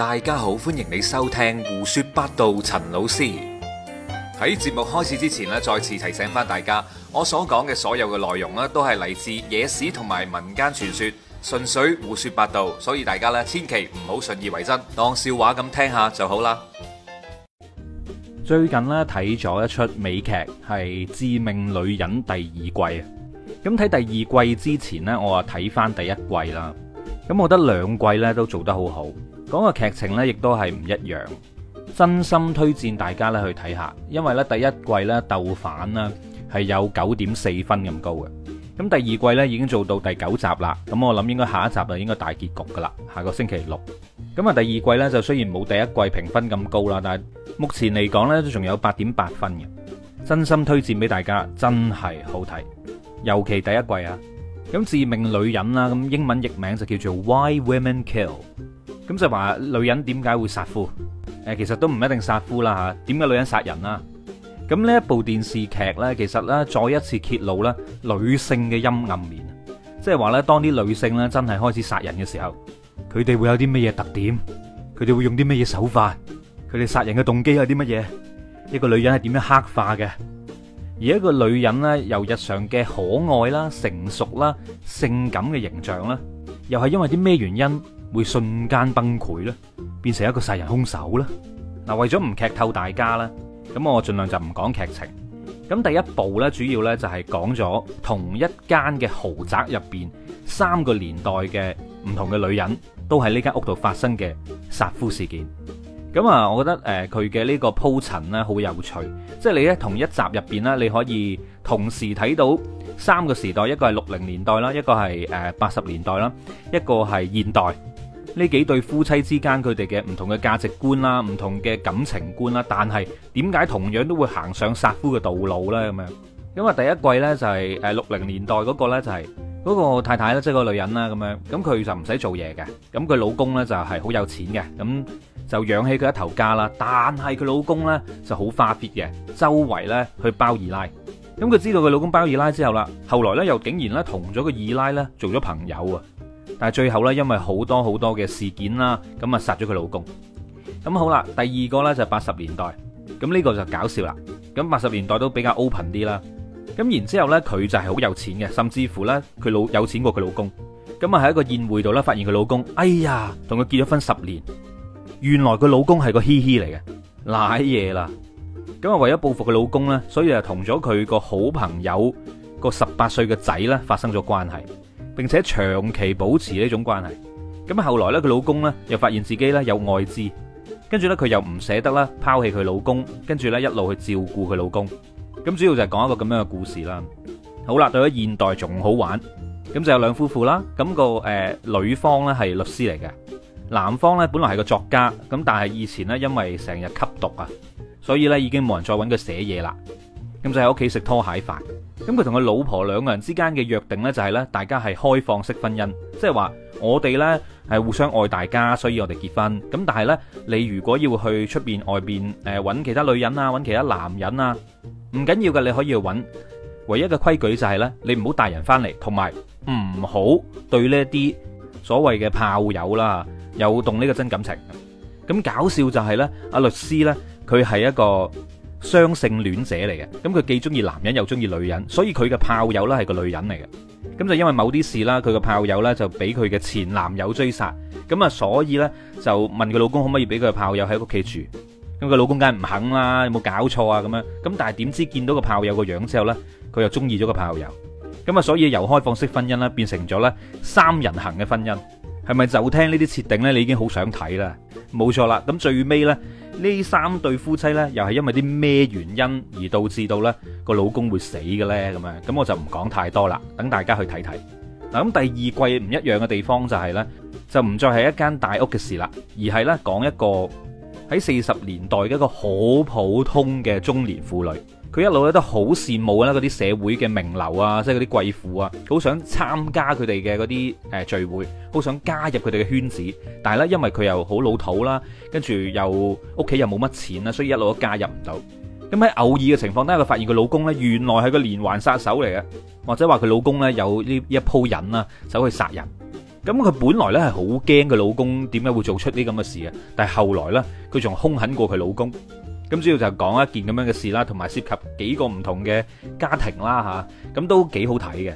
大家好，歡迎你收聽胡說八道。陳老師喺節目開始之前咧，再次提醒翻大家，我所講嘅所有嘅內容咧，都係嚟自野史同埋民間傳說，純粹胡說八道，所以大家咧千祈唔好信以為真，當笑話咁聽下就好啦。最近咧睇咗一出美劇係《致命女人》第二季啊。咁睇第二季之前咧，我啊睇翻第一季啦。咁我覺得兩季咧都做得好好。講個劇情呢，亦都係唔一樣。真心推薦大家去睇下，因為呢第一季呢豆瓣呢係有九點四分咁高嘅。咁第二季呢已經做到第九集啦，咁我諗應該下一集就應該大結局噶啦。下個星期六咁啊，第二季呢，就雖然冇第一季評分咁高啦，但係目前嚟講呢，都仲有八點八分嘅。真心推薦俾大家，真係好睇，尤其第一季啊。咁致命女人啦，咁英文譯名就叫做《Why Women Kill》。咁就話女人點解會殺夫？誒，其實都唔一定殺夫啦吓。點解女人殺人啦？咁呢一部電視劇咧，其實咧再一次揭露咧女性嘅陰暗面，即係話咧當啲女性咧真係開始殺人嘅時候，佢哋會有啲咩嘢特點？佢哋會用啲咩嘢手法？佢哋殺人嘅動機係啲乜嘢？一個女人係點樣黑化嘅？而一個女人咧由日常嘅可愛啦、成熟啦、性感嘅形象啦，又係因為啲咩原因？會瞬間崩潰咧，變成一個殺人凶手咧。嗱，為咗唔劇透大家啦，咁我盡量就唔講劇情。咁第一部，主要呢就係講咗同一間嘅豪宅入邊三個年代嘅唔同嘅女人，都喺呢間屋度發生嘅殺夫事件。咁啊，我覺得誒，佢嘅呢個鋪陳咧好有趣，即係你同一集入邊咧，你可以同時睇到三個時代，一個係六零年代啦，一個係誒八十年代啦，一個係現代。呢幾對夫妻之間佢哋嘅唔同嘅價值觀啦，唔同嘅感情觀啦，但係點解同樣都會行上殺夫嘅道路咧？咁樣咁啊，第一季咧就係誒六零年代嗰個咧就係嗰個太太咧，即係個女人啦咁樣，咁佢就唔使做嘢嘅，咁佢老公咧就係好有錢嘅，咁就養起佢一頭家啦。但係佢老公咧就好花弗嘅，周圍咧去包二奶。咁佢知道佢老公包二奶之後啦，後來咧又竟然咧同咗個二奶咧做咗朋友啊！但係最後呢，因為好多好多嘅事件啦，咁啊殺咗佢老公。咁好啦，第二個呢就八十年代，咁呢個就搞笑啦。咁八十年代都比較 open 啲啦。咁然之後呢，佢就係好有錢嘅，甚至乎呢，佢老有錢過佢老公。咁啊喺一個宴會度呢，發現佢老公，哎呀，同佢結咗婚十年，原來佢老公係個嘻嘻嚟嘅，瀨嘢啦。咁啊為咗報復佢老公呢，所以啊同咗佢個好朋友個十八歲嘅仔呢，發生咗關係。並且長期保持呢種關係，咁後來咧，佢老公咧又發現自己咧有外資，跟住咧佢又唔捨得啦，拋棄佢老公，跟住咧一路去照顧佢老公，咁主要就係講一個咁樣嘅故事啦。好啦，到咗現代仲好玩，咁就有兩夫婦啦，咁個誒，女方咧係律師嚟嘅，男方咧本來係個作家，咁但係以前咧因為成日吸毒啊，所以咧已經冇人再搵佢寫嘢啦。咁就喺屋企食拖鞋飯。咁佢同佢老婆兩個人之間嘅約定呢，就係呢大家係開放式婚姻，即係話我哋呢係互相愛大家，所以我哋結婚。咁但係呢，你如果要去出邊外邊揾搵其他女人啊，搵其他男人啊，唔緊要嘅，你可以去搵。唯一嘅規矩就係呢：你唔好帶人翻嚟，同埋唔好對呢一啲所謂嘅炮友啦，有動呢個真感情。咁搞笑就係呢，阿律師呢，佢係一個。雙性戀者嚟嘅，咁佢既中意男人又中意女人，所以佢嘅炮友呢係個女人嚟嘅，咁就因為某啲事啦，佢嘅炮友呢就俾佢嘅前男友追殺，咁啊所以呢，就問佢老公可唔可以俾佢嘅炮友喺屋企住，咁佢老公梗係唔肯啦，有冇搞錯啊咁樣，咁但係點知見到個炮友個樣之後呢，佢又中意咗個炮友，咁啊所以由開放式婚姻啦變成咗呢三人行嘅婚姻，係咪就聽呢啲設定呢？你已經好想睇啦？冇錯啦，咁最尾呢，呢三對夫妻呢，又係因為啲咩原因而導致到呢個老公會死嘅呢？咁樣，咁我就唔講太多啦，等大家去睇睇。嗱，咁第二季唔一樣嘅地方就係呢，就唔再係一間大屋嘅事啦，而係呢講一個喺四十年代嘅一個好普通嘅中年婦女。佢一路咧都好羨慕嗰啲社會嘅名流啊，即係嗰啲貴婦啊，好想參加佢哋嘅嗰啲聚會，好想加入佢哋嘅圈子。但係咧，因為佢又好老土啦，跟住又屋企又冇乜錢啦，所以一路都加入唔到。咁喺偶爾嘅情況呢，佢發現佢老公咧，原來係個連環殺手嚟嘅，或者話佢老公咧有呢一鋪癮啊，走去殺人。咁佢本來咧係好驚佢老公點解會做出呢咁嘅事啊！但係後來咧，佢仲兇狠過佢老公。咁主要就講一件咁樣嘅事啦，同埋涉及幾個唔同嘅家庭啦，吓，咁都幾好睇嘅。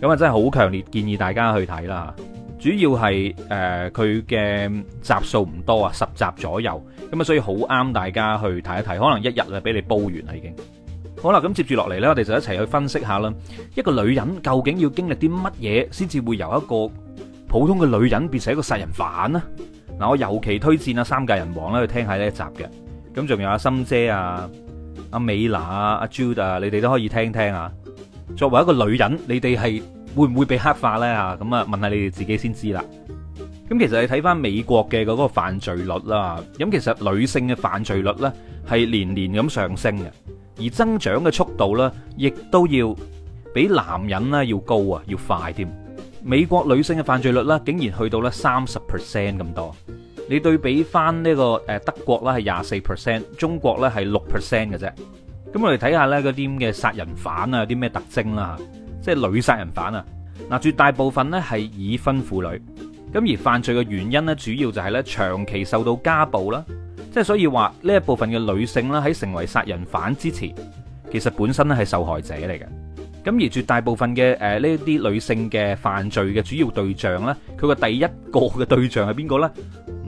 咁啊真係好強烈建議大家去睇啦。主要係誒佢嘅集數唔多啊，十集左右。咁啊所以好啱大家去睇一睇，可能一日啊俾你煲完啦已經。好啦，咁接住落嚟呢，我哋就一齊去分析下啦。一個女人究竟要經歷啲乜嘢，先至會由一個普通嘅女人變成一個殺人犯呢？嗱，我尤其推薦啊《三界人王》呢去聽下呢一集嘅。咁仲有阿心姐啊、阿美娜啊、阿朱德啊，你哋都可以聽聽啊。作為一個女人，你哋係會唔會被黑化呢啊？咁啊，問下你哋自己先知啦。咁其實你睇翻美國嘅嗰個犯罪率啦，咁其實女性嘅犯罪率呢係年年咁上升嘅，而增長嘅速度呢亦都要比男人呢要高啊，要快添。美國女性嘅犯罪率呢竟然去到咧三十 percent 咁多。你對比翻呢個誒德國啦，係廿四 percent，中國咧係六 percent 嘅啫。咁我哋睇下咧嗰啲咁嘅殺人犯啊，有啲咩特徵啦？即係女殺人犯啊，嗱絕大部分呢係已婚婦女。咁而犯罪嘅原因呢，主要就係呢長期受到家暴啦。即係所以話呢一部分嘅女性啦，喺成為殺人犯之前，其實本身咧係受害者嚟嘅。咁而絕大部分嘅誒呢啲女性嘅犯罪嘅主要對象呢，佢個第一個嘅對象係邊個呢？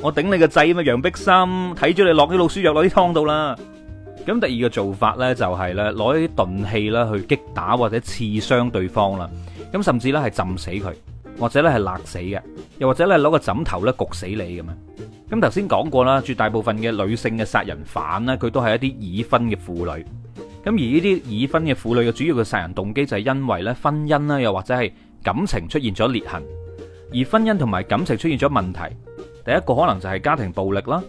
我頂你個制啊！楊碧心睇住你落啲老鼠藥落啲湯度啦。咁第二個做法呢，就係呢，攞一啲鈍器啦去擊打或者刺傷對方啦。咁甚至呢，係浸死佢，或者呢，係勒死嘅，又或者呢，攞個枕頭呢，焗死你咁樣。咁頭先講過啦，絕大部分嘅女性嘅殺人犯呢，佢都係一啲已婚嘅婦女。咁而呢啲已婚嘅婦女嘅主要嘅殺人動機就係因為呢，婚姻啦，又或者係感情出現咗裂痕，而婚姻同埋感情出現咗問題。第一個可能就係家庭暴力啦，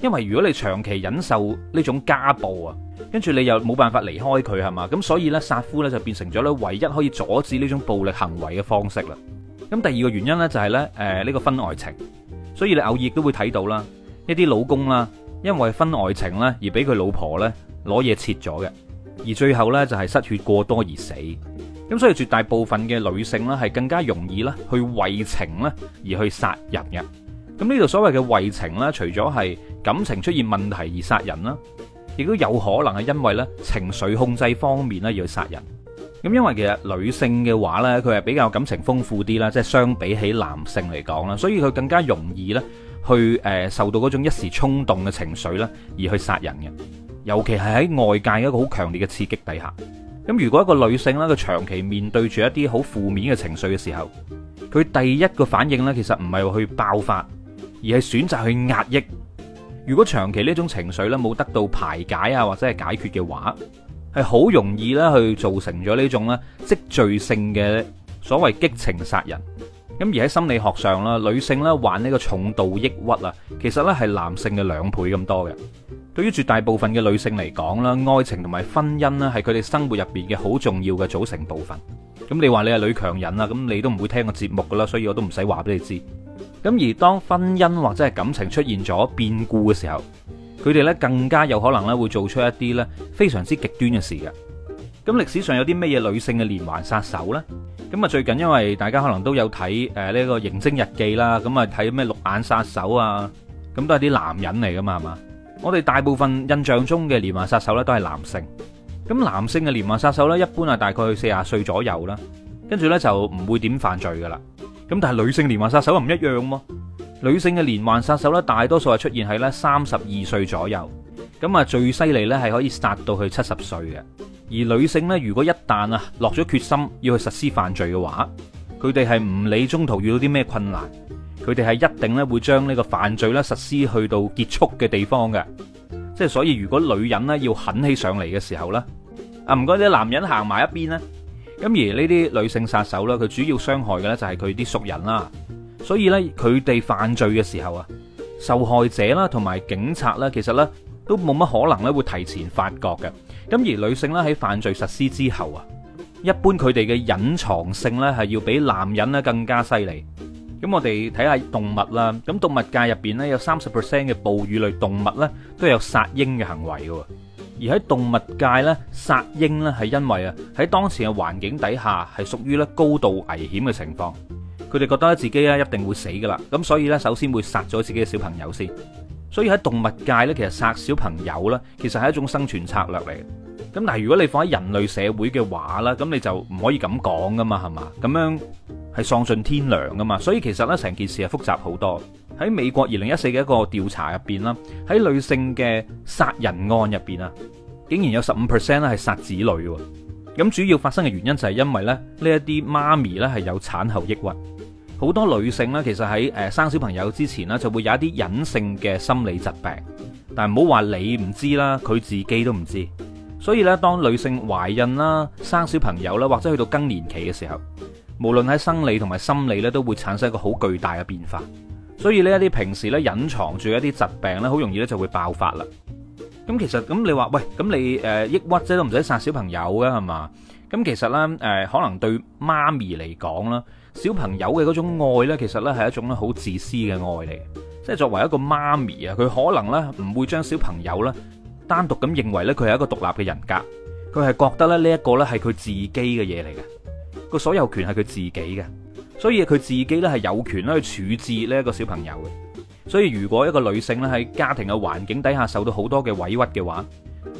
因為如果你長期忍受呢種家暴啊，跟住你又冇辦法離開佢係嘛，咁所以呢，殺夫呢就變成咗呢唯一可以阻止呢種暴力行為嘅方式啦。咁第二個原因呢、就係，就係誒呢個婚外情，所以你偶爾都會睇到啦，一啲老公啦因為婚外情呢而俾佢老婆呢攞嘢切咗嘅，而最後呢就係失血過多而死。咁所以絕大部分嘅女性呢，係更加容易呢去為情呢而去殺人嘅。咁呢度所謂嘅為情咧，除咗係感情出現問題而殺人啦，亦都有可能係因為咧情緒控制方面咧而去殺人。咁因為其實女性嘅話咧，佢係比較感情豐富啲啦，即係相比起男性嚟講啦，所以佢更加容易咧去誒受到嗰種一時衝動嘅情緒咧而去殺人嘅。尤其係喺外界一個好強烈嘅刺激底下。咁如果一個女性咧，佢長期面對住一啲好負面嘅情緒嘅時候，佢第一個反應咧，其實唔係話去爆發。而係選擇去壓抑，如果長期呢種情緒呢冇得到排解啊，或者係解決嘅話，係好容易呢去造成咗呢種呢積聚性嘅所謂激情殺人。咁而喺心理學上啦，女性呢患呢個重度抑鬱啊，其實呢係男性嘅兩倍咁多嘅。對於絕大部分嘅女性嚟講啦，愛情同埋婚姻呢係佢哋生活入邊嘅好重要嘅組成部分。咁你話你係女強人呀，咁你都唔會聽個節目噶啦，所以我都唔使話俾你知。咁而當婚姻或者係感情出現咗變故嘅時候，佢哋呢更加有可能咧會做出一啲非常之極端嘅事嘅。咁歷史上有啲咩嘢女性嘅連環殺手呢？咁，啊最近因為大家可能都有睇誒呢個《刑偵日記》啦，咁啊睇咩綠眼殺手啊，咁都係啲男人嚟噶嘛？係嘛，我哋大部分印象中嘅連環殺手呢都係男性。咁男性嘅連環殺手呢，一般係大概四十歲左右啦，跟住呢就唔會點犯罪噶啦。咁但係女性連環殺手唔一樣喎。女性嘅連環殺手咧，大多數係出現喺咧三十二歲左右，咁啊最犀利咧係可以殺到佢七十歲嘅。而女性咧，如果一旦啊落咗決心要去實施犯罪嘅話，佢哋係唔理中途遇到啲咩困難，佢哋係一定咧會將呢個犯罪咧實施去到結束嘅地方嘅。即係所以，如果女人咧要狠起上嚟嘅時候咧，啊唔該啲男人行埋一邊呢。咁而呢啲女性殺手呢，佢主要傷害嘅呢就係佢啲熟人啦，所以呢佢哋犯罪嘅時候啊，受害者啦同埋警察呢，其實呢都冇乜可能呢會提前發覺嘅。咁而女性呢喺犯罪實施之後啊，一般佢哋嘅隱藏性呢係要比男人呢更加犀利。咁我哋睇下動物啦，咁動物界入面30，呢有三十 percent 嘅哺乳類動物呢都有殺嬰嘅行為嘅。而喺動物界咧，殺嬰咧係因為啊喺當時嘅環境底下係屬於咧高度危險嘅情況，佢哋覺得自己咧一定會死噶啦，咁所以咧首先會殺咗自己嘅小朋友先。所以喺動物界咧，其實殺小朋友咧，其實係一種生存策略嚟。咁但係如果你放喺人類社會嘅話啦，咁你就唔可以咁講噶嘛，係嘛咁樣。係喪盡天良㗎嘛，所以其實咧成件事係複雜好多。喺美國二零一四嘅一個調查入邊啦，喺女性嘅殺人案入邊啊，竟然有十五 percent 咧係殺子女喎。咁主要發生嘅原因就係因為咧呢一啲媽咪咧係有產後抑鬱。好多女性呢，其實喺誒生小朋友之前呢，就會有一啲隱性嘅心理疾病，但不要說不，但唔好話你唔知啦，佢自己都唔知。所以咧，當女性懷孕啦、生小朋友啦，或者去到更年期嘅時候。無論喺生理同埋心理咧，都會產生一個好巨大嘅變化。所以呢一啲平時咧，隱藏住一啲疾病咧，好容易咧，就會爆發啦。咁其實咁你話喂，咁你誒、呃、抑鬱啫都唔使殺小朋友嘅，係嘛？咁其實咧誒、呃，可能對媽咪嚟講啦，小朋友嘅嗰種愛咧，其實咧係一種咧，好自私嘅愛嚟，即係作為一個媽咪啊，佢可能咧唔會將小朋友咧單獨咁認為咧佢係一個獨立嘅人格，佢係覺得咧呢一個咧係佢自己嘅嘢嚟嘅。個所有權係佢自己嘅，所以佢自己呢係有權去處置呢一個小朋友嘅。所以如果一個女性咧喺家庭嘅環境底下受到好多嘅委屈嘅話，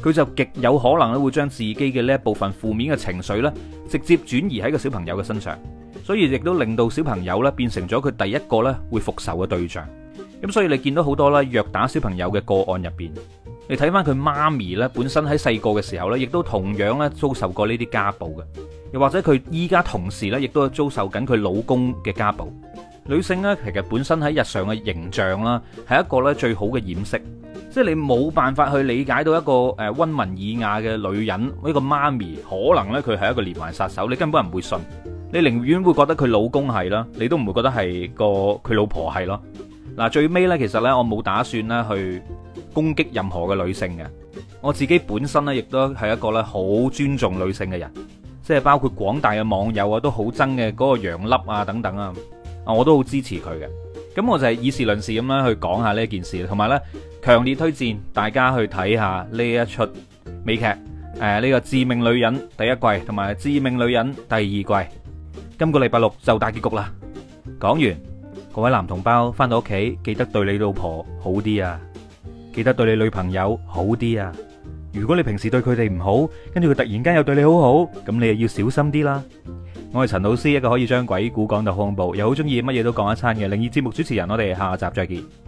佢就極有可能咧會將自己嘅呢一部分負面嘅情緒呢直接轉移喺個小朋友嘅身上，所以亦都令到小朋友呢變成咗佢第一個呢會復仇嘅對象。咁所以你見到好多呢虐打小朋友嘅個案入邊，你睇翻佢媽咪呢本身喺細個嘅時候呢，亦都同樣呢遭受過呢啲家暴嘅。又或者佢依家同時咧，亦都遭受緊佢老公嘅家暴。女性咧，其實本身喺日常嘅形象啦，係一個咧最好嘅掩飾。即係你冇辦法去理解到一個誒温文爾雅嘅女人，一個媽咪可能咧佢係一個連環殺手，你根本唔會信。你寧願會覺得佢老公係啦，你都唔會覺得係個佢老婆係咯。嗱，最尾咧，其實咧，我冇打算咧去攻擊任何嘅女性嘅。我自己本身咧，亦都係一個咧好尊重女性嘅人。即係包括廣大嘅網友啊，都好憎嘅嗰個楊粒啊等等啊，啊我都好支持佢嘅。咁我就係以事論事咁樣，去講下呢一件事，同埋呢強烈推薦大家去睇下呢一出美劇，誒呢個致命女人第一季同埋致命女人第二季。今個禮拜六就大結局啦。講完，各位男同胞翻到屋企記得對你老婆好啲啊，記得對你女朋友好啲啊。如果你平時對佢哋唔好，跟住佢突然間又對你好好，咁你就要小心啲啦。我係陳老師，一個可以將鬼故講到恐怖，又好中意乜嘢都講一餐嘅靈異節目主持人。我哋下集再見。